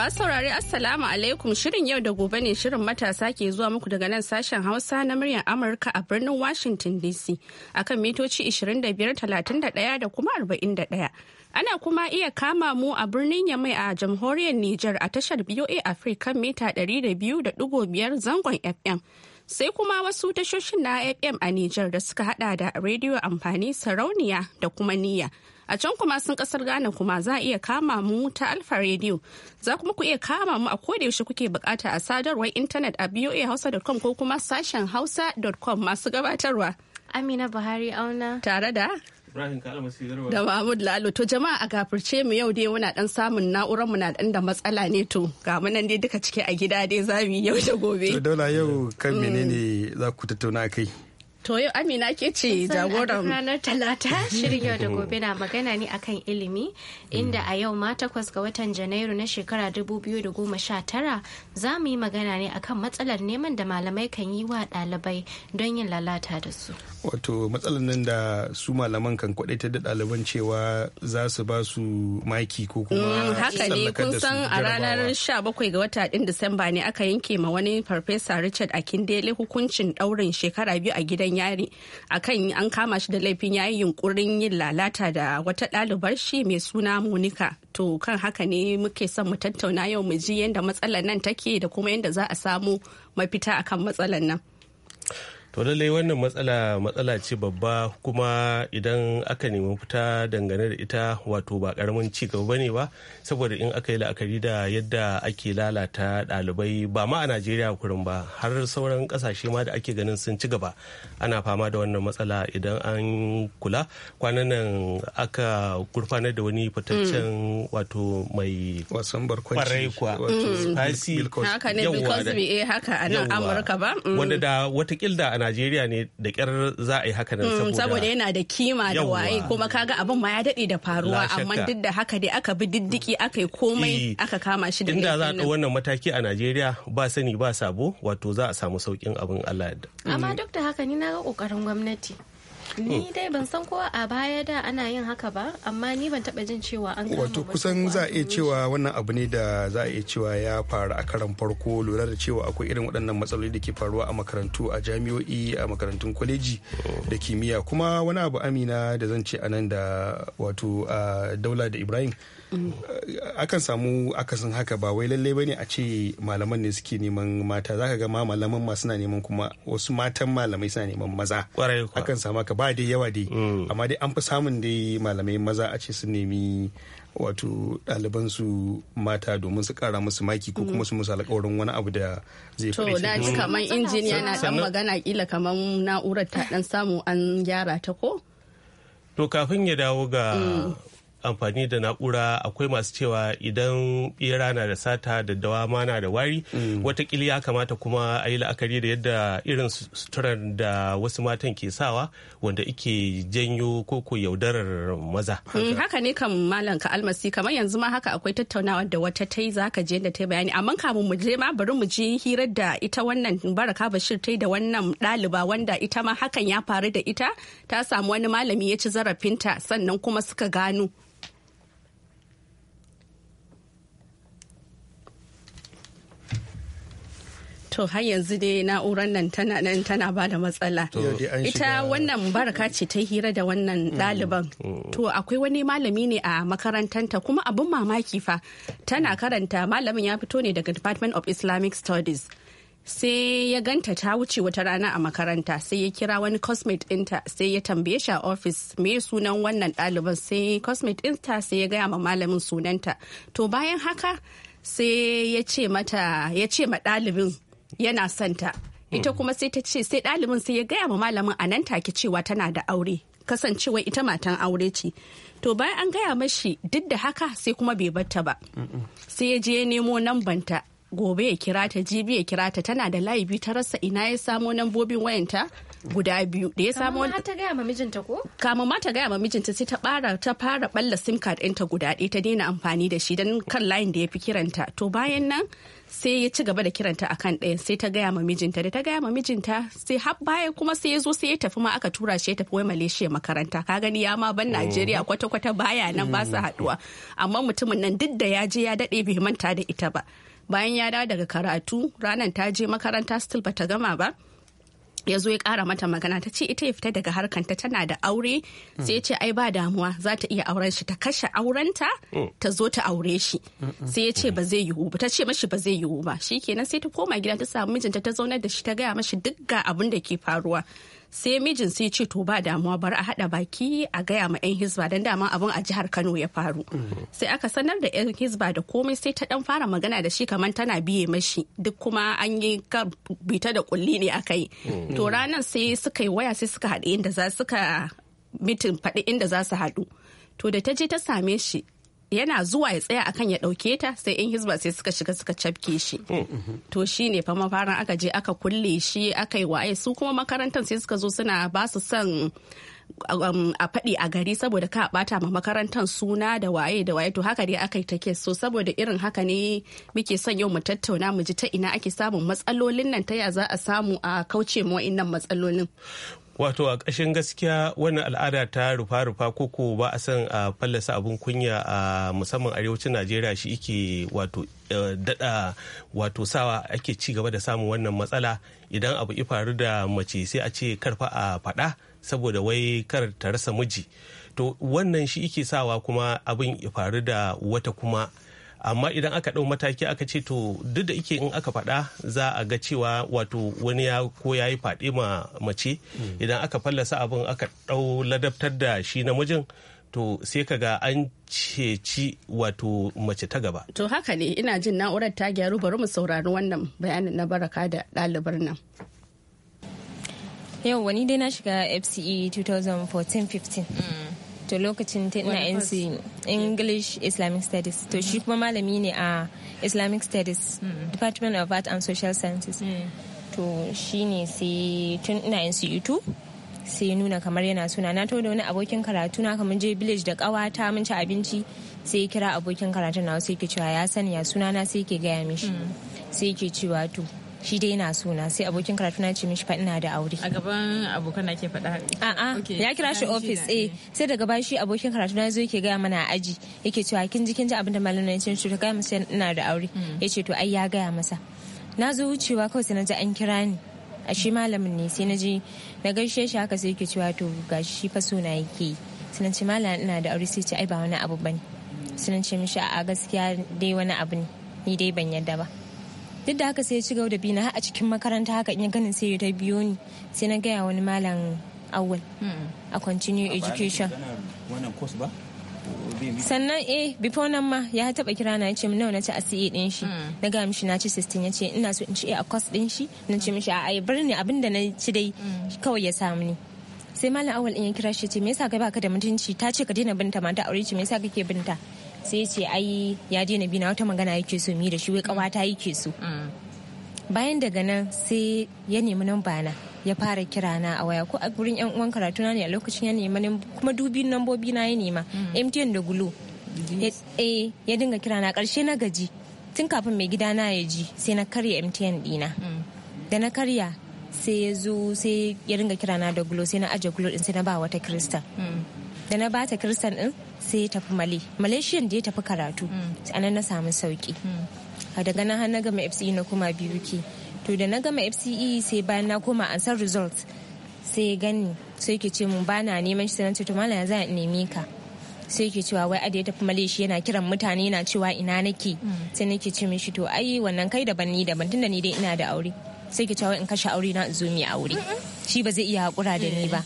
masu saurare Assalamu alaikum shirin yau da gobe ne shirin matasa ke zuwa muku daga nan sashen Hausa na muryar Amurka a birnin Washington DC akan mitoci 25,31 da kuma 41. Ana kuma iya kama mu a birnin Yamai a jamhuriyar Nijar a tashar BOA afirka mita 200.5 zangon FM. sai kuma wasu tashoshin na FM a Nijar da suka hada da rediyo amfani sarauniya da kuma niyya. a can kuma sun kasar Ghana kuma za a iya kama mu ta Alfa rediyo Za kuma ku iya kama mu a yaushe kuke bukata a sadarwar intanet a voahausa.com ko kuma sashen hausa.com masu gabatarwa. Amina Buhari auna. Tare da? Da Mahmud Lalo. To jama'a a gafirce mu yau dai muna dan samun na'urar mu na dan da matsala ne to ga mu nan dai duka cike a gida dai za mu yau da gobe. To dole yau kan mm. menene za ku tattauna kai? To yau Amina ke ce jagoran. Ranar Talata shirin yau da gobe na magana ne akan ilimi inda a yau ma takwas ga watan Janairu na shekara 2019 za mu yi magana ne akan matsalar neman da malamai kan yi wa ɗalibai don yin lalata da su. Wato matsalar nan da su malaman kan ta da ɗaliban cewa za su ba su maki ko kuma mm, haka ne kun san a ranar 17 ga wata ɗin Disamba ne aka yanke ma wani farfesa Richard Akindele hukuncin ɗaurin shekara biyu a gidan yari akan an kama shi da laifin yayi yunkurin yin lalata da wata ɗalibar shi mai suna monica to kan haka ne muke son mu tattauna yau mu ji yadda matsalar nan take da kuma yadda za a samu mafita akan matsalar nan to lallai wannan matsala matsala ce babba kuma idan aka nemi fita dangane da ita wato ba karamin ci gaba bane ba saboda in aka yi la'akari da yadda ake lalata ɗalibai ba ma a najeriya kurin ba har sauran kasashe ma da ake ganin sun ci gaba ana fama da wannan matsala idan an kula kwanan nan aka gurfanar da wani fitaccen mm. wato mai wasan barkwanci wato mm. haka ne because eh, haka a nan amurka ba mm. wanda da watakil da Najeriya ne da kyar za a yi haka nan hmm, saboda yana da kima da waye kuma kaga abin ma ya daɗe da faruwa amma duk da haka dai aka bi diddiki aka yi komai aka kama shi da inda za a wannan mataki a Najeriya ba sani ba sabo wato za a samu saukin abin Allah yadda. Amma hmm. duk da haka ni na ga kokarin gwamnati ni hmm. dai ban san ko a baya da ana yin haka ba amma ni ban taba jin cewa an kama wato kusan za a iya cewa wannan abu ne da za a iya cewa ya faru a karan farko lura da cewa akwai irin waɗannan matsaloli da ke faruwa a makarantu a jami'o'i a makarantun kwaleji da kimiyya kuma wani abu amina da zan ce anan da wato daula da ibrahim akan samu akasin haka ba wai lallai bane a ce malaman ne suke neman mata zaka ga ma malaman ma suna neman kuma wasu matan malamai suna neman maza akan samu haka ba dai yawa dai mm. amma dai an fi samun dai malamai maza a ce su nemi wato ɗalibansu mata domin su kara musu maki ko kuma su musu alƙawarin wani abu da zai To da ji kamar injiniya na ɗan magana kila kamar na'urar ta dan samu an gyara ta ko? To kafin ya dawo ga mm. amfani da na'ura akwai masu cewa idan bera na da sata da dawa na da wari mm. watakila ya kamata kuma a yi la'akari da yadda irin suturar da wasu matan ke sawa wanda ike janyo koko yaudarar maza mm, haka ne kan malam ka almasi kamar yanzu ma haka akwai tattaunawa da wata ta yi za ka je da ta bayani amma kamun mu je ma bari mu je hirar da ita wannan baraka bashir ta da wannan ɗaliba wanda ita ma hakan ya faru da ita ta samu wani malami ya ci zarafinta sannan kuma suka gano To har yanzu dai na'urar nan tana nan tana ba da matsala. Ita wannan baraka ce ta hira da wannan mm. ɗaliban. Mm. Mm. To akwai wani malami ne a makarantanta kuma abin mamaki fa tana karanta malamin ya fito ne daga Department of Islamic Studies. sai ya ganta ta wuce wata rana a makaranta sai ya kira wani cosmet ɗinta sai ya tambaye shi a ofis me sunan wannan ɗaliban sai cosmate ɗinta sai ya gaya ma malamin sunanta to bayan haka sai ya ce mata ya ce ma ɗalibin yana santa ita hmm. kuma sai ta ce sai ɗalibin sai ya gaya ma malamin a nan take cewa tana da aure kasancewa ita matan aure ce to bayan an gaya mashi duk da haka sai kuma bai batta ba sai ya je ya nemo nambanta gobe ya kira ta jibi ya kira ta tana da layi ta rasa ina ya samo nambobin wayanta guda biyu da ya samo ta gaya ma mijinta ko kama ma ta gaya ma mijinta sai ta bara ta fara balla sim card ɗinta guda ɗaya ta daina amfani da shi dan kan layin da ya fi kiranta to bayan nan sai ya ci gaba da kiranta a kan ɗaya sai ta gaya ma mijinta da ta gaya ma mijinta sai har baya kuma sai ya zo sai ya tafi ma aka tura shi ya tafi wai Malaysia makaranta ka gani ya ma ban oh. Najeriya kwata kwata baya nan ba su mm. haduwa amma mutumin nan duk da ya je ya dade bai manta da ita ba bayan ya dawo daga karatu ranan ta je makaranta still bata gama ba ya zo ya kara mata magana ta ce ita ya fita daga harkanta tana da aure sai ya ce ai ba damuwa za ta iya auren shi ta kashe aurenta oh. ta zo ta aure shi sai ya ce ba zai yiwu ba ta ce mashi ba zai yiwu ba shikenan sai ta koma gida ta samu mijinta ta zaunar da shi ta gaya mashi duk ga abin da ke faruwa sai mijin sai ce to ba damuwa bar a haɗa baki a gaya ma 'yan hizba don dama abin a jihar kano ya faru sai aka sanar da 'yan hizba da komai sai ta dan fara magana da shi kamar tana biye mashi duk kuma an yi bita da kulli ne aka yi to ranar sai suka yi waya sai suka haɗu inda za suka mitin faɗi inda za su haɗu to da ta je ta same shi yana zuwa ya tsaya akan ya ɗauke ta sai in hizba sai suka shiga suka cafke shi oh, uh-huh. to shi ne fa mafarin aka je aka kulle shi aka yi waye su kuma makarantar sai suka zo suna ba su son um, a faɗi a gari saboda ka bata ma makarantar suna da waye da waye to haka dai aka yi take so saboda irin haka ne muke son yau mu tattauna mu ji ta ina ake samun matsalolin nan ta ya za a samu a kauce ma wa'innan matsalolin wato a ƙashin gaskiya wannan al'ada ta rufa-rufa koko ba a san a fallasa abin kunya a musamman arewacin najeriya shi ike wato eh, dada wato sawa ake ci gaba da samun wannan matsala idan abu ya faru da mace sai a ce karfa a faɗa saboda wai kar ta rasa miji to wannan shi ike sawa kuma abin ya faru da wata kuma amma idan aka ɗau mataki aka ce to duk da ike in aka faɗa za a ga cewa wato wani ya ko ya yi faɗi ma mace hmm. idan aka fallasa abin aka ɗau ladabtar da shi namijin to sai ka ga an ceci wato mace ta gaba. To haka ne ina jin na'urar ta gyaru bari mu saurari wannan bayanin na baraka da ɗalibar nan. Yau wani dai na shiga FCE 2014-15. to lokacin ta ina NC English Islamic Studies to shi kuma malami ne a Islamic Studies hmm. Department of Art and Social Sciences hmm. to shi ne sai tun ina NCU2 sai nuna kamar yana suna na to da wani abokin karatu na kamar je village da kawata mun ci abinci sai kira abokin karatu na wasu yake cewa ya sani ya suna na sai ke gaya mishi hmm. sai ke cewa to shi dai na suna sai abokin karatu na ce mishi fa ina da aure a gaban abokan na ke faɗa a'a ya kira shi office eh. eh sai daga baya shi abokin karatu na zo yake gaya mana a aji yake cewa kin ji kin ji abin da malamin ya ce ta gaya masa ina da aure hmm. yace to ai ya gaya masa na zo wucewa kawai sai na ji an kira ni a shi malamin ne sai na ji na gaishe shi haka sai yake cewa to gashi fa so na yake sai na ce malamin ina da aure sai ce ai ba wani abu bane sai na ce mishi a gaskiya dai wani abu ne ni dai ban yadda ba duk da haka sai ya ci gaba da bi na a cikin makaranta haka in ya ganin sai ya ta biyo ni sai na gaya wani malam awal hmm. a continue education sannan eh before nan ma ya taba kira na yace nawa na ci a CA din shi hmm. na ga mishi na ci 16 yace ina so in ci a course din shi na ce mishi a ai bar ni abinda na ci dai hmm. kawai ya samu ni sai malam awal in ya kira shi ce me yasa kai baka da mutunci ta ce ka daina binta ma ta aure ce me yasa kake binta sai ce ai ya daina na wata magana yake so mi da shi wai kawata yake so bayan daga nan sai ya nemi nan bana ya fara kira na a waya ko a gurin yan uwan karatu na ne a lokacin ya nemi kuma dubin nambobi na ya nema mtn mm. da gulo eh, ya dinga kira na karshe na gaji tun kafin mai gida na ya ji sai na karya mtn dina mm. da na karya sai ya zo sai ya dinga kira na da gulo sai na aje gulo din sai na ba wata krista mm. da na bata kirsan din sai ya tafi male malaysian da ya tafi karatu hmm. a nan na samu sauki hmm. daga na har na gama fce na kuma biyu ke to da na gama fce sai bayan na koma an san result sai ya gani sai ke ce mun bana neman shi sanar to malam za a nemi ka sai ke cewa wai ada ya tafi malaysia yana kiran mutane yana cewa ina nake hmm. sai nake ce mishi to ai wannan kai daban ni daban tunda ni dai ina da aure sai ke cewa in kashe aure na zo mi aure shi ba zai iya hakura da ni ba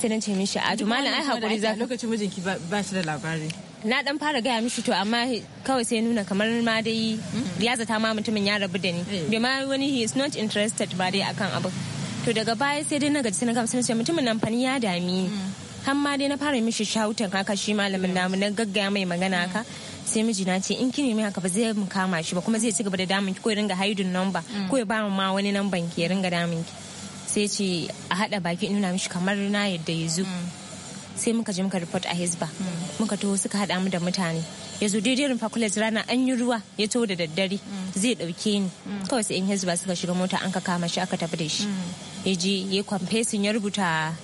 sai nan ce mishi a to malam ai hakuri za lokacin mijinki ba shi da labari na dan fara gaya mishi to amma kawai sai nuna kamar ma dai hmm? ya zata ma mutumin ya rabu da ni eh. bai ma wani he is not interested ba dai akan abu to daga baya sai dai na gaji na gamsu ce mutumin nan fani ya dami ni hmm. har ma dai na fara mishi shautin haka shi malamin hmm. namu na gaggaya mai magana haka sai mijina ce in kini mai haka ba zai mu kama shi ba kuma zai ci gaba da damun ki ko ya ringa haidun namba ko ya ba ma wani namban ki ya ringa damun ki sai ce a haɗa baki nuna mishi kamar na yadda ya zo mm. sai muka je muka report a hisba mm. muka taho suka haɗa mu da mutane ya zo daidai rumfa kulet rana an yi ruwa ya taho da daddare mm. zai ɗauke ni kawai sai in hisba suka shiga mota an ka kama shi aka tafi da shi ya je ya kwamfesin ya rubuta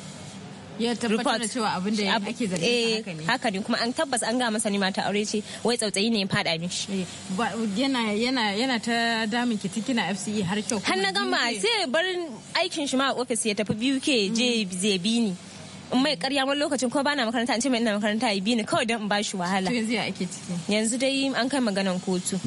ya tabbatar da cewa abin da ake zane eh, haka ne haka ne kuma an tabbas an ga masa ne mata aure ce wai tsautsayi ne ya fada mishi eh, yana yana yana ta damin ki kina FCE har kyau har na gama sai barin aikin shi ma a ya tafi biyu ke je zai bi ni in mai karya wani lokacin ko bana makaranta an ce mai ina makaranta ya bi ni kawai don in bashi wahala yanzu ya ake ciki yanzu dai an kai maganan kotu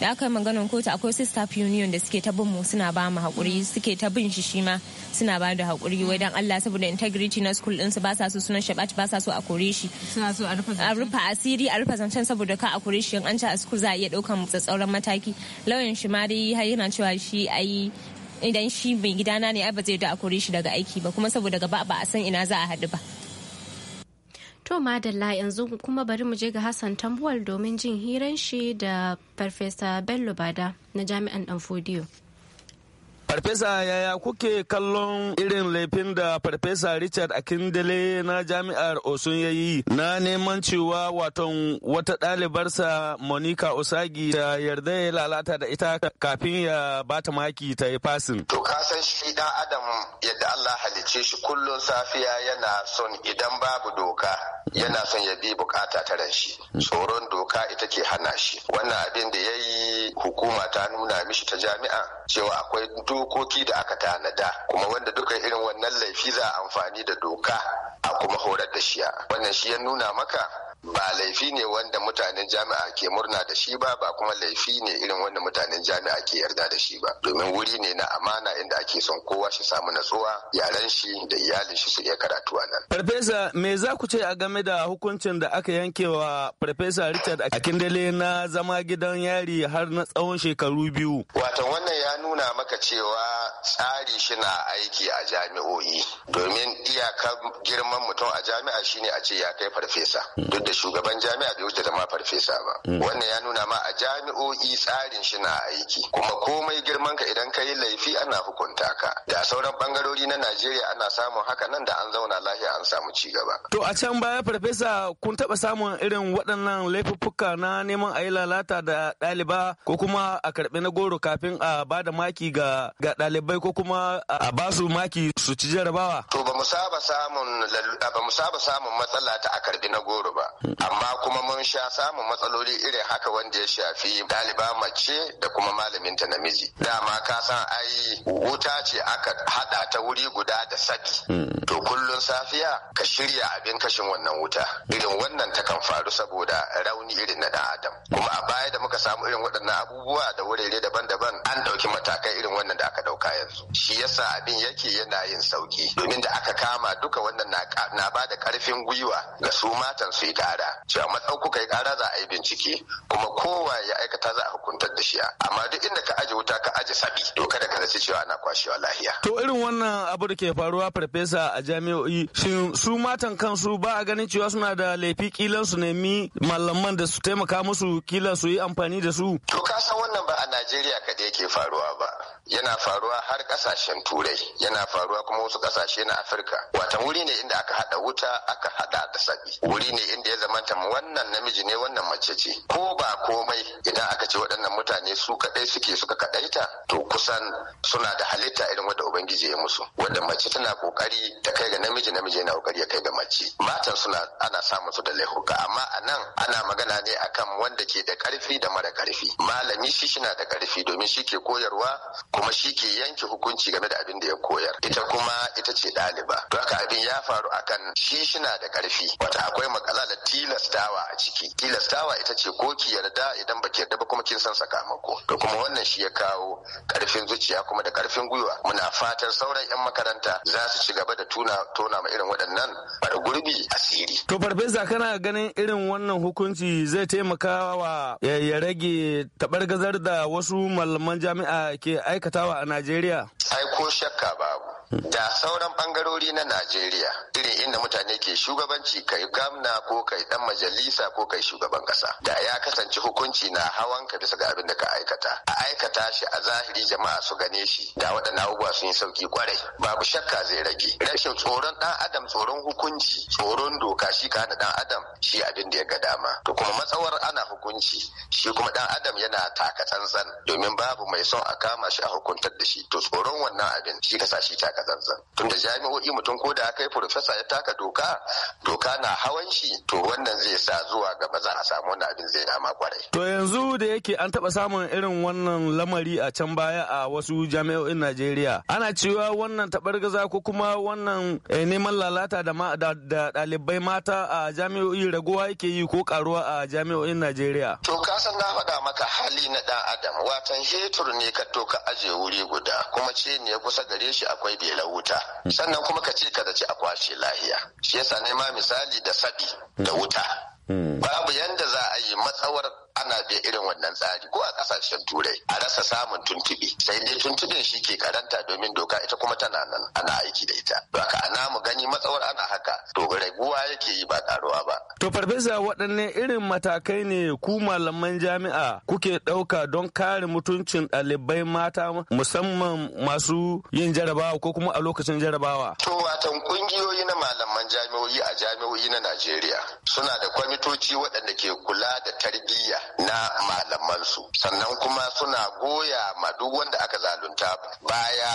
da aka yi maganin kotu akwai sister staff union da suke ta bin mu suna ba mu haƙuri mm. suke ta bin shi shi ma suna ba da haƙuri wai dan Allah saboda integrity na school su ba sa so sunan shabat ba sa so a kore shi suna so a rufe asiri a rufe zancen saboda ka a kore shi in an ci a school za a iya daukan tsatsauran mataki lauyan shi ma dai yana cewa shi ai idan shi mai gidana ne ai ba zai da a kore shi daga aiki ba kuma saboda gaba ba a san ina za a haɗu ba To Madalla yanzu kuma bari mu je ga Hassan Tambuwal domin jin hiran shi da Farfesa Bello Bada na Jami'an Danfodiyo. Farfesa yaya kuke kallon irin laifin da Farfesa Richard Akindele na jami'ar Osun ya yi na neman cewa waton wata ɗalibarsa Monica Osagi ta yarda ya lalata da ita kafin ya bata maki ta yi fasin. To ka san shi dan Adam yadda Allah halicce shi kullum safiya yana son idan babu doka yana son ya bi bukata ta ran shi. Tsoron doka ita ke hana shi. Wannan abin da ya yi hukuma ta nuna mishi ta jami'a cewa akwai dokoki da aka tanada kuma wanda duka irin wannan laifi za a amfani da doka a kuma horar da shiya wannan shi ya nuna maka ba laifi ne wanda mutanen jami'a ke murna da shi ba ba kuma laifi ne irin wanda mutanen jami'a ke yarda da shi ba domin wuri ne na amana inda ake son kowa shi samu natsuwa yaran shi da iyalin shi su iya karatu a nan. Farfesa me za ku ce a game da hukuncin da aka yanke wa Farfesa Richard Akindele na zama gidan yari har na tsawon shekaru biyu? wato wannan ya nuna maka cewa tsari shi na aiki a jami'o'i domin iyakar girman mutum a jami'a shine a ce ya kai farfesa duk da shugaban jami'a bai wuce da ma farfesa ba hmm. wannan ya nuna ma a jami'o'i tsarin shi na aiki kuma komai girman ka idan ka yi laifi ana hukunta ka da sauran bangarori na najeriya ana samun haka nan da an zauna lafiya an samu ci gaba to a can baya farfesa kun taba samun irin waɗannan laifuffuka na neman a yi lalata da ɗaliba ko kuma a karɓi na goro kafin a ba da maki ga ga ɗalibai ko kuma a ba su maki su ci jarabawa to ba mu saba samun ba mu saba samun matsala ta a karɓi na goro ba amma kuma mun sha samun matsaloli irin haka wanda ya shafi daliba mace da kuma malaminta namiji dama ka san ai wuta ce aka hada ta wuri guda da saki to kullun safiya ka shirya abin kashin wannan wuta irin wannan ta kan faru saboda rauni irin na adam kuma a baya da muka samu irin waɗannan abubuwa da wurare daban-daban an ɗauki matakai irin wannan da aka ɗauka yanzu shi yasa abin yake yana yin sauki domin da aka kama duka wannan na ba da ƙarfin gwiwa ga su matan su ita kara cewa matsau kuka yi kara za a yi bincike kuma kowa ya aikata za a hukuntar da shi amma duk inda ka aje wuta ka aje sabi to kada ka zace cewa ana kwashewa lahiya to irin wannan abu da ke faruwa farfesa a jami'o'i shin su matan kansu ba a ganin cewa suna da laifi kilan su nemi malaman da su taimaka musu kila su yi amfani da su to ka san wannan ba a Najeriya kaɗai yake faruwa ba yana faruwa har kasashen turai yana faruwa kuma wasu kasashe na afirka wata wuri ne inda aka hada wuta aka hada da sabi wuri ne inda ya zamanta wannan namiji ne wannan mace ce ko ba komai idan aka ce waɗannan mutane su kadai suke suka kadaita to kusan suna da halitta irin wadda ubangiji ya musu wadda mace tana kokari ta kai ga namiji namiji yana kokari ya kai ga mace matan suna ana samun su da laihuka amma a nan ana magana ne akan wanda ke da karfi da mara karfi malami shi shina da karfi domin shi ke koyarwa kuma shi ke yanke hukunci game da abin da ya koyar ita kuma ita ce ɗaliba to haka abin ya faru akan shi shina da ƙarfi wata akwai makala da tilastawa a ciki tilastawa ita ce ko ki yarda idan baki yarda ba kuma kin san sakamako to kuma wannan shi ya kawo ƙarfin zuciya kuma da ƙarfin gwiwa muna fatan sauran 'yan makaranta za su ci gaba da tuna tona ma irin waɗannan bada gurbi asiri to farfesa kana ganin irin wannan hukunci zai taimaka wa ya rage da wasu malaman jami'a ke aika dakatawa a Najeriya? Ai ko shakka babu. da sauran bangarori na Najeriya irin inda mutane ke shugabanci kai gamna ko kai dan majalisa ko kai shugaban kasa da ya kasance hukunci na hawan ka bisa ga abin da ka aikata a aikata shi a zahiri jama'a su gane shi da waɗannan abubuwa sun yi sauki kwarai babu shakka zai rage rashin tsoron dan adam tsoron hukunci tsoron doka shi ka hana dan adam shi abin da ya ga dama to kuma matsawar ana hukunci shi kuma dan adam yana taka tsantsan domin babu mai son a kama shi a hukuntar da shi to tsoron wannan abin shi ka sa shi taka zanzan tunda jami'o'i mutum ko da aka yi profesa ya taka doka doka na hawan shi to wannan zai sa zuwa gaba za a samu wannan abin zai dama kwarai to yanzu da yake an taba samun irin wannan lamari a can baya a wasu jami'o'in Najeriya ana cewa wannan tabargaza ko kuma wannan eh, neman lalata da ɗalibai mata a jami'o'i raguwa yake yi ko karuwa a jami'o'in Najeriya to ka san na faɗa maka hali na ɗan adam watan hetur ne ka to ka aje wuri guda kuma ce ne kusa gare shi akwai jela wuta hmm. sannan kuma ka ce da ci a kwashe lahiya shi yasa nema misali da sabi da hmm. wuta hmm. babu yanda za a yi matsawar ana biya irin wannan tsari ko a kasashen turai a rasa samun tuntuɓe sai dai tuntuɓen shi ke karanta domin doka ita kuma tana nan ana aiki da ita to haka ana mu gani matsawar ana haka to raguwa yake yi ba karuwa ba to farfesa waɗanne irin matakai ne ku malaman jami'a kuke ɗauka don kare mutuncin ɗalibai mata musamman masu yin jarabawa ko kuma a lokacin jarabawa to watan kungiyoyi na malaman jami'o'i a jami'o'i na Najeriya suna da kwamitoci waɗanda ke kula da tarbiyya na malamansu sannan kuma suna goya ma duk wanda aka zalunta baya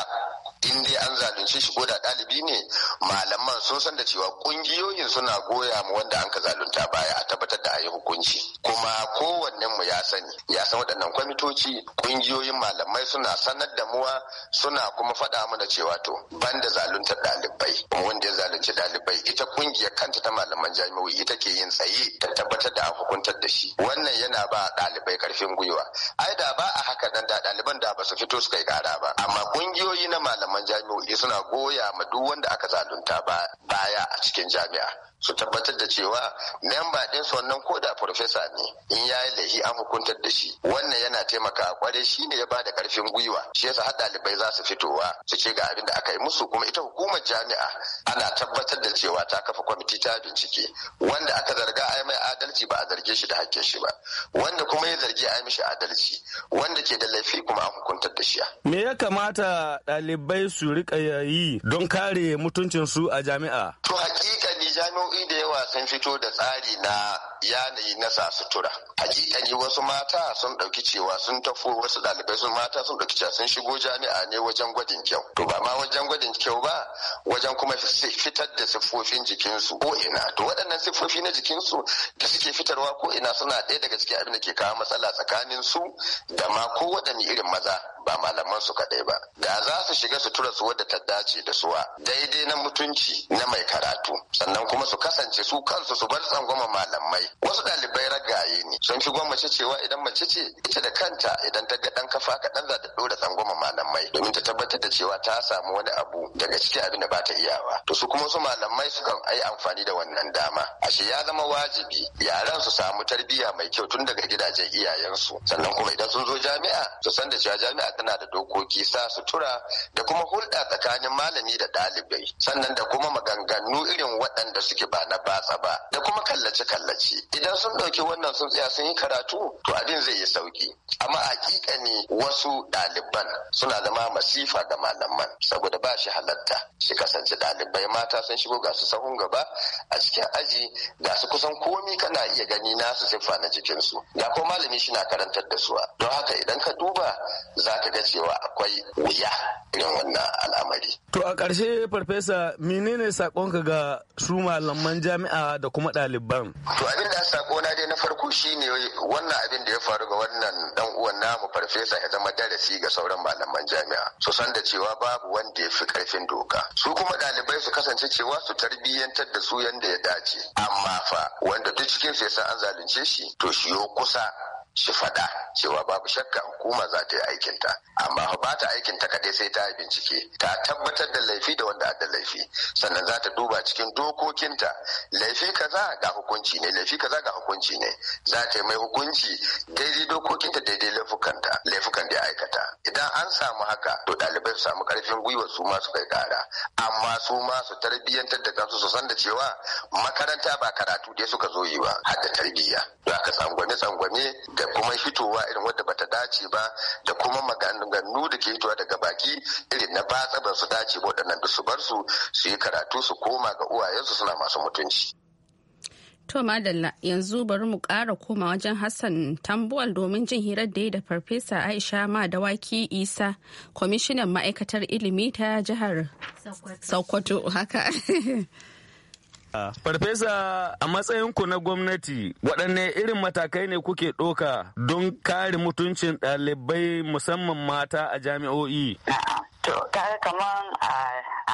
in dai an zalunci shi ko da ɗalibi ne malaman sun san da cewa ƙungiyoyin suna goya ma wanda an ka zalunta baya a tabbatar da a yi hukunci kuma kowannen mu ya sani ya san waɗannan kwamitoci ƙungiyoyin malamai suna sanar da muwa suna kuma faɗa mana cewa to banda zaluntar ɗalibai wanda ya zalunci ɗalibai ita ƙungiyar kanta ta malaman jami'o'i ita ke yin tsaye ta tabbatar da an hukuntar da shi wannan yana da ba dalibai karfin gwiwa ai da ba a haka nan da daliban da ba su fito su kai kara ba amma kungiyoyi na malaman jami'o'i suna goya ma duk wanda aka zalunta baya a cikin jami'a su tabbatar da cewa memba ɗin su wannan koda profesa ne in ya yi laifi an hukuntar da shi wannan yana taimaka kwarai shi ne ya ba da karfin gwiwa shi yasa har ɗalibai za su fitowa su ce ga abin da aka yi musu kuma ita hukumar jami'a ana tabbatar da cewa ta kafa kwamiti ta bincike wanda aka zarga a mai adalci ba a zarge shi da hakkin shi ba wanda kuma ya zargi a mishi adalci wanda ke da laifi kuma an hukuntar da shi me ya kamata ɗalibai su riƙa yi don kare mutuncin su a jami'a to hakika jami'o'i da yawa sun fito da tsari na yanayi na sa sutura hakikani wasu mata sun ɗauki cewa sun tafo wasu ɗalibai sun mata sun ɗauki cewa sun shigo jami'a ne wajen gwadin kyau to ba ma wajen gwadin kyau ba wajen kuma fitar da siffofin jikinsu ko ina to waɗannan siffofi na jikinsu da suke fitarwa ko ina suna ɗaya daga cikin abin da ke kawo matsala tsakanin su da ma ko waɗanne irin maza ba malaman su kaɗai ba da za su shiga sutura su wadda ta dace da suwa daidai na mutunci na mai karatu sannan kuma su kasance su kansu su bar tsangwama malamai wasu ɗalibai ragaye ne sun fi gwamnati cewa idan mace ce ita da kanta idan ta ga dan kafa kaɗan za ta ɗora tsangwama malamai domin ta tabbatar da cewa ta samu wani abu daga ciki abin da ba ta iyawa to su kuma su malamai sukan ai amfani da wannan dama ashe ya zama wajibi yaran su samu tarbiyya mai kyau tun daga gidajen iyayensu sannan kuma idan sun zo jami'a su san da cewa jami'a tana da dokoki sa sutura da kuma hulɗa tsakanin malami da ɗalibai sannan da kuma maganganu irin waɗanda waɗanda suke ba na batsa ba da kuma kallace-kallace idan sun ɗauki wannan sun tsaya sun yi karatu to abin zai yi sauki amma hakika ne wasu ɗaliban suna zama masifa ga malaman saboda ba shi halatta shi kasance ɗalibai mata sun shigo ga su sahun gaba a cikin aji ga su kusan komi kana iya gani nasu siffa na jikinsu ga ko malami shi na karantar da suwa don haka idan ka duba za ka ga cewa akwai wuya irin wannan al'amari. To a ƙarshe farfesa menene saƙonka ga su malaman jami'a da kuma ɗaliban. To abin da sako na dai na farko shine wannan abin da ya faru ga wannan dan uwan namu farfesa ya zama darasi ga sauran malaman jami'a su san da cewa babu wanda ya fi karfin doka. Su kuma ɗalibai su kasance cewa su tarbiyyantar da su yanda ya dace. Amma fa wanda duk cikin su ya san an zalunce shi to shi yo kusa shi faɗa cewa babu shakka hukuma za ta yi aikinta amma ba ta aikinta kaɗai sai ta yi bincike ta tabbatar da laifi da wanda da laifi sannan za ta duba cikin dokokinta laifi kaza ga hukunci ne laifi kaza ga hukunci ne za ta yi mai hukunci daidai dokokinta daidai laifukanta laifukan da ya aikata idan an samu haka to ɗalibai su samu ƙarfin gwiwa su ma su kai ƙara amma su ma su tarbiyyantar da kansu su san da cewa makaranta ba karatu dai suka zo yi ba hadda tarbiyya za ka tsangwame tsangwame da kuma hitowa irin wadda bata dace ba da kuma maganganu da ke hitowa daga baki irin na batsa ba su dace ba waɗannan duk su bar su su yi karatu su koma ga uwayensu suna masu mutunci. To Madalla yanzu bari mu ƙara koma wajen Hassan Tambuwal domin jin hirar da ya da Farfesa Aisha ma Madawaki Isa, kwamishinan ma'aikatar ilimi ta jihar Sokoto haka. Farfesa a matsayinku na gwamnati waɗanne irin matakai ne kuke ɗoka don kare mutuncin ɗalibai musamman mata a jami'o'i? To, kare kaman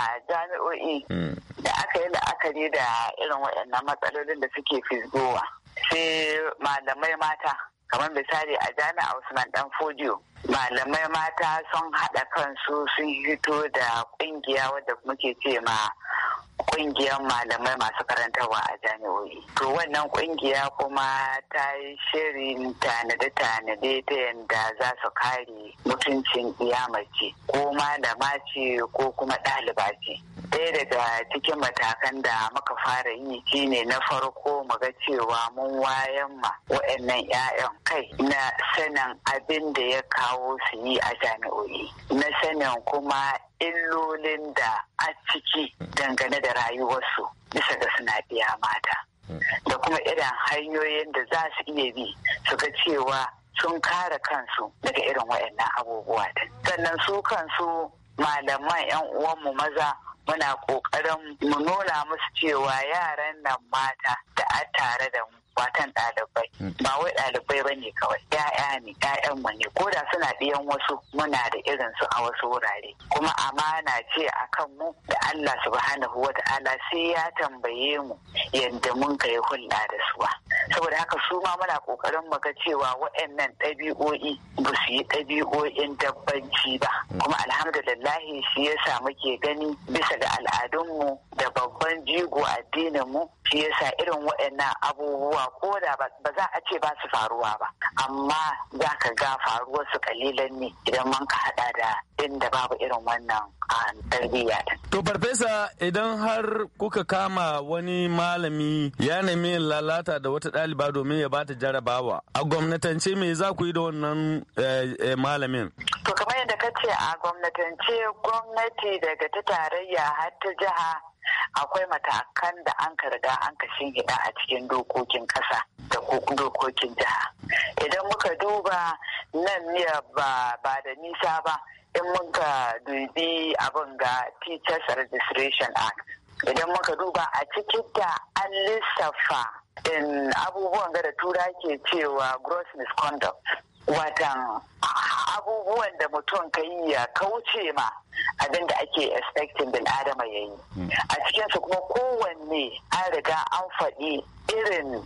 a jami'o'i hmm. da aka yi la'akari da irin waɗannan matsalolin da suke fisgowa sai malamai mata. kamar misali a jami'a Usman ɗan Fodio malamai mata sun haɗa kansu sun hito da ƙungiya wadda muke ce ma kungiyar malamai masu karantarwa a jami'o'i to wannan kungiya kuma ta yi shirin tanade-tanade ta yadda za su kare mutuncin iyamace ko malama ce ko kuma ɗaliba ce ɗaya daga cikin matakan da muka fara yi shine na farko mu ga cewa mun wayan ma wa'annan 'ya'yan kai na sanin abin da ya kawo su yi a jami'o'i na sanin kuma illolin da a ciki dangane da rayuwarsu bisa ga suna biya mata da kuma irin hanyoyin da za su iya bi su ga cewa sun kare kansu daga irin waɗannan abubuwa sannan su kansu malaman 'yan uwanmu maza muna ƙoƙarin mu nuna musu cewa yaran nan mata da a tare da mu watan ɗalibai hmm. ba wai ɗalibai ba ne kawai ya'ya ne ya'yan mu ne ko da suna ɗiyan wasu muna da irin su a wasu wurare kuma amana ce a kan mu da Allah subhanahu wa ta'ala sai ya tambaye mu yadda mun kai hulɗa da su ba. saboda haka su ma muna ƙoƙarin mu ga cewa waɗannan ɗabi'o'i ba su yi ɗabi'o'in dabbanci ba hmm. kuma alhamdulillahi shi yasa muke gani bisa ga al'adunmu da babban jigo addinin mu shi yasa irin waɗannan abubuwa ko da ba za a ce ba su faruwa ba amma za ka ga faruwar su kalilan ne idan man ka hada da inda babu irin wannan a tarbiyya to farfesa idan har kuka kama wani malami ya nemi lalata da wata ɗaliba domin ya bata jarabawa a gwamnatance me za ku yi da wannan eh, eh, malamin to kamar yadda ka ce a gwamnatance gwamnati daga ta tarayya har ta jiha akwai matakan da an ka riga an ka hida a cikin dokokin ƙasa da dokokin jiha idan muka duba nan miya ba da nisa ba in muka dubi abin ga teachers registration act idan muka duba a cikin da an lissafa in abubuwan gada tura ke cewa gross misconduct watan abubuwan da mutum ka yi ya kauce ma abin da ake expecting bin adama ya yi hmm. a cikinsu kuma kowanne an riga an faɗi irin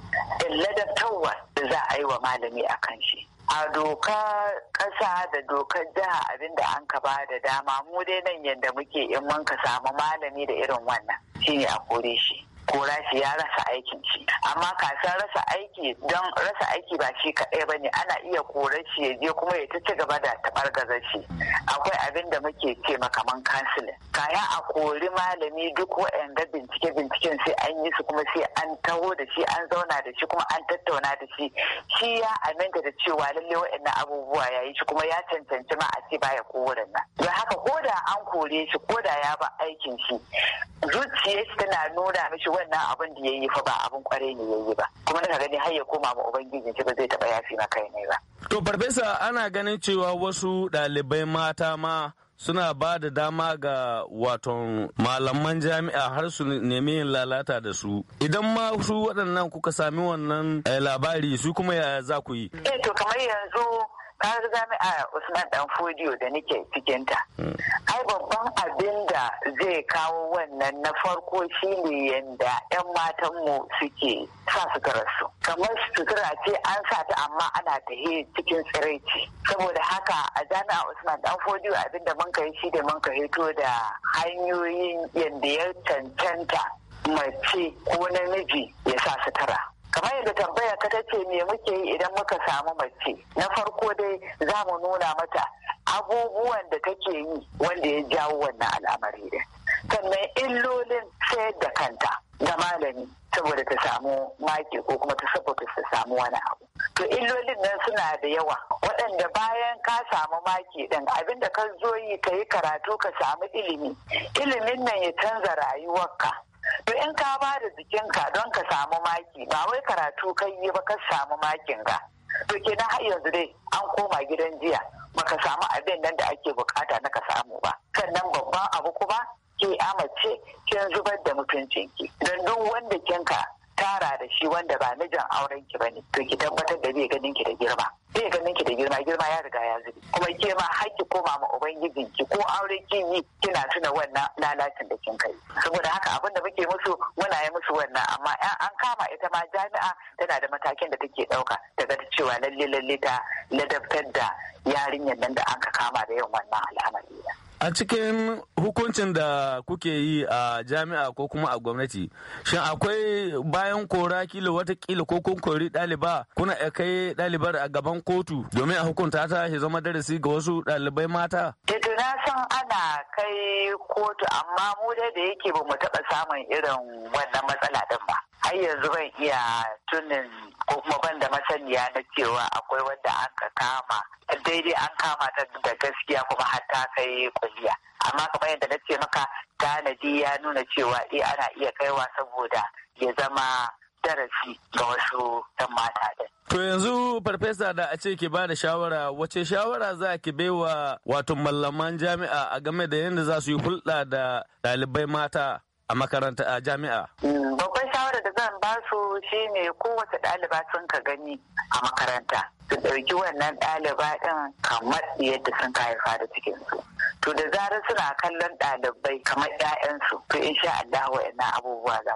ladabtarwa da za a yi wa malami a kan shi a doka ƙasa da dokar jiha abin da an ka ba da dama mu dai nan yadda muke in mun ka samu malami da irin wannan shine a kore shi ko rashi ya rasa aikin shi amma kasan rasa aiki don rasa aiki ba shi kaɗai ba ne ana iya korar shi ya je kuma ya ci gaba da tabar shi akwai abin da muke ce makaman kansilin Kaya a kori malami duk wa'anda bincike binciken sai an yi su kuma sai an taho da shi an zauna da shi kuma an tattauna da shi shi ya aminta da cewa lalle wa'annan abubuwa ya yi shi kuma ya cancanci ma a ce baya koran nan don haka ko da an kore shi ko da ya ba aikin shi zuciyarsa tana nuna mishi wannan abin da yayi fa ba abin kwarai ne yayi ba kuma na gani har ya koma ma ubangijin ce ba zai taba yafi na kai ne ba to farfesa ana ganin cewa wasu ɗalibai mata ma suna ba da dama ga waton malaman jami'a har su nemi yin lalata da su idan ma su waɗannan kuka sami wannan eh, labari su kuma yaya za ku yi eh to kamar yanzu ɗan jami'a Usman Dan Fodiyo da nake cikinta. Hmm. Ai babban abin da zai kawo wannan na farko shine yanda 'yan matan mu suke sa su Kamar sutura ce an sa ta amma ana ta cikin tsiraici. Saboda haka a jami'a Usman Dan Fodiyo abin da mun kai shi da mun kai da hanyoyin yanda ya cancanta mace ko namiji ya sa sutura. kamar yadda tambaya ka tace me muke yi idan muka samu mace na farko dai za mu nuna mata abubuwan da take yi wanda ya jawo wannan al'amari din sannan illolin sayar da kanta ga malami saboda ta samu maki ko kuma ta saboda ta samu wani abu to illolin nan suna da yawa waɗanda bayan ka samu maki ɗin abinda ka zo yi ka yi karatu ka samu ilimi ilimin nan ya canza rayuwarka to in ka ba da jikinka don ka samu maki ba wai karatu kai yi ba ka samu makin ka to kenan har yanzu dai an koma gidan jiya baka samu abin nan da ake bukata na ka samu ba sannan babban abu kuma ke amace kin zubar da mutuncinki don duk wanda kinka tara da shi wanda ba mijin auren ki bane to ki tabbatar da bai ganin ki da girma bai ganin ki da girma girma ya riga ya zube kuma ke ma har ki koma ma ubangijin ki ko aure kin yi kina tuna wannan lalacin da kin kai saboda haka abin da muke musu muna yi musu wannan amma an kama ita ma jami'a tana da matakin da take dauka daga cewa lalle lalle ta ladabtar da yarinyar nan da an kama da yin wannan al'amari a cikin hukuncin da kuke yi a jami'a ko kuma a gwamnati shin akwai bayan kora kila watakila ko kun kori ɗaliba kuna kai ɗalibar a gaban kotu domin a hukunta ta shi zama darasi ga wasu ɗalibai mata Edo na san ana kai kotu amma mu da yake ba mu taɓa samun irin wannan matsala ɗin ba har yanzu ban iya tunin ko kuma ban da masaniya na cewa akwai wanda aka kama daidai an kama ta da gaskiya kuma har ta kai kwalliya amma kamar yadda na ce maka tanadi ya nuna cewa eh ana iya kaiwa saboda ya zama darasi ga wasu ɗan mata To yanzu farfesa da a ce ki ba da shawara wace shawara za ki baiwa wato mallaman jami'a a game da yadda za su yi hulɗa da ɗalibai mata a makaranta a jami'a? Mm, babban shawara da zan ba su shi ne kowace ɗaliba sun ka gani a makaranta. Su ɗauki wannan ɗaliba ɗin kamar yadda sun ka haifa da cikinsu. To da zarar suna kallon ɗalibai kamar 'ya'yansu to in sha Allah wa'ina abubuwa za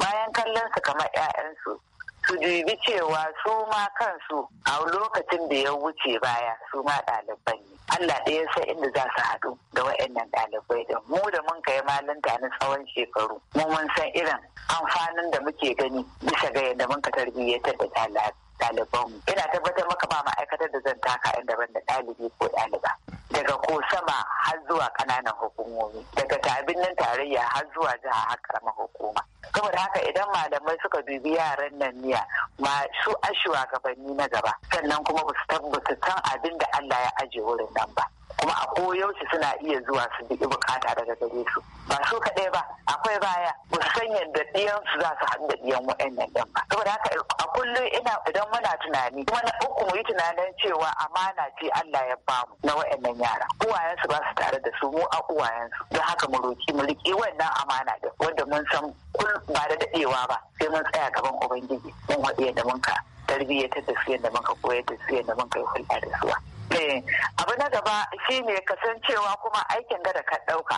Bayan kallon su kamar 'ya'yansu su jibi cewa su ma kansu a lokacin da ya wuce baya su ma ɗalibai. ne Allah ɗaya sai inda za su haɗu da wa'annan ɗalibai ɗin mu da mun kai malinta na tsawon shekaru mu mun san irin amfanin da muke gani bisa ga yadda mun ka tarbiyyatar da mu. ina tabbatar maka ba ma'aikatar da zan taka inda ban da ɗalibi ko ɗaliba daga ko sama har zuwa ƙananan hukumomi daga tabin nan tarayya har zuwa jiha har ƙaramar hukuma saboda haka idan malamai suka bibi yaran nan niya ma su a shugabanni na gaba sannan kuma ba su tabbata san abin da Allah ya aje wurin nan ba kuma a koyaushe suna iya zuwa su bi bukata daga gare su ba su kaɗai ba akwai baya ba su san yadda ɗiyan su za su haɗu da ɗiyan wa'annan ɗin ba saboda haka a kullum ina idan muna tunani kuma na uku mu yi tunanin cewa amana ce Allah ya mu na wa'annan yara uwayen su ba su tare da su mu a uwayen su don haka mu roki mu riƙe wannan amana da wanda mun san kul ba da dadewa ba sai mun tsaya gaban ubangiji mun haɗe da ka tarbiyya ta tafiya da mun ka koyar da da mun ka yi hulɗa da suwa. Eh, abu na gaba shi shine kasancewa kuma aikin gada ka ɗauka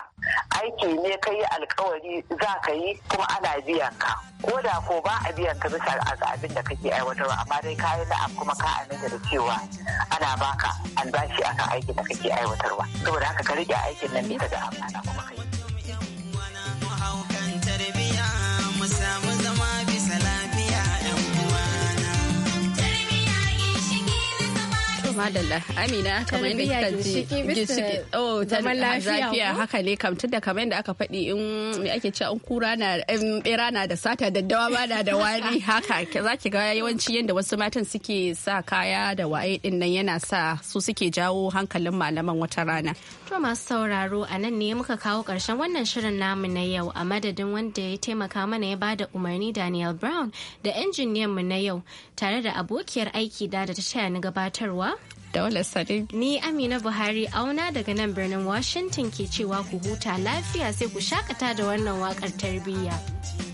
aiki ne ka yi alkawari za ka yi kuma ana biyan ka ko da ko ba a biyan ka bisa ga abin da kake aiwatarwa amma dai ka yi na'am kuma ka aminta da cewa ana baka albashi akan aikin da kake aiwatarwa saboda haka ka rike aikin nan bisa da amana kuma ka yi madalla amina kamar yadda kika ji oh zaman lafiya haka ne kam tunda kamar yadda aka faɗi in me ake cewa an kura na in bera na da sata daddawa ba na da wari haka zaki ga yawanci yadda wasu matan suke sa kaya da waye din nan yana sa su suke jawo hankalin malaman wata rana to masu sauraro a nan ne muka kawo karshen wannan shirin namu na yau a madadin wanda ya taimaka mana ya bada umarni Daniel Brown da injiniyan mu na yau tare da abokiyar aiki da da ta taya ni gabatarwa Daular Sadiq. Ni Amina Buhari auna daga nan birnin Washington ke cewa ku huta lafiya sai ku shakata da wannan waƙar tarbiyya.